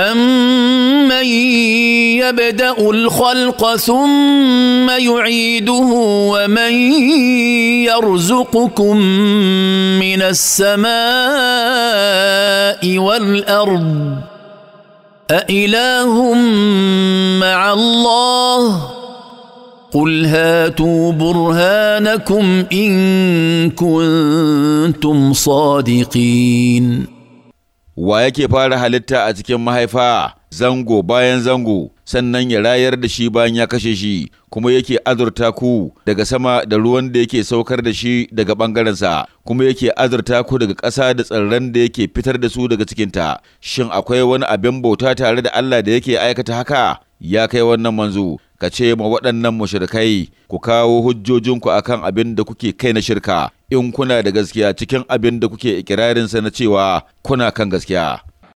أمن يبدأ الخلق ثم يعيده ومن يرزقكم من السماء والأرض أإله مع الله قل هاتوا برهانكم إن كنتم صادقين wa yake fara halitta a cikin mahaifa zango bayan zango sannan ya rayar da shi bayan ya kashe shi kuma yake azurta ku daga sama da ruwan da yake saukar da shi daga ɓangarensa kuma yake azurta ku daga ƙasa da tsirran da yake fitar da su daga cikinta shin akwai wani abin bauta tare da Allah da yake aikata haka ya kai wannan manzo ka ce ma waɗannan mushrikai ku kawo hujjojinku akan abin da kuke kai na shirka in kuna da gaskiya cikin abin da kuke sa na cewa kuna kan gaskiya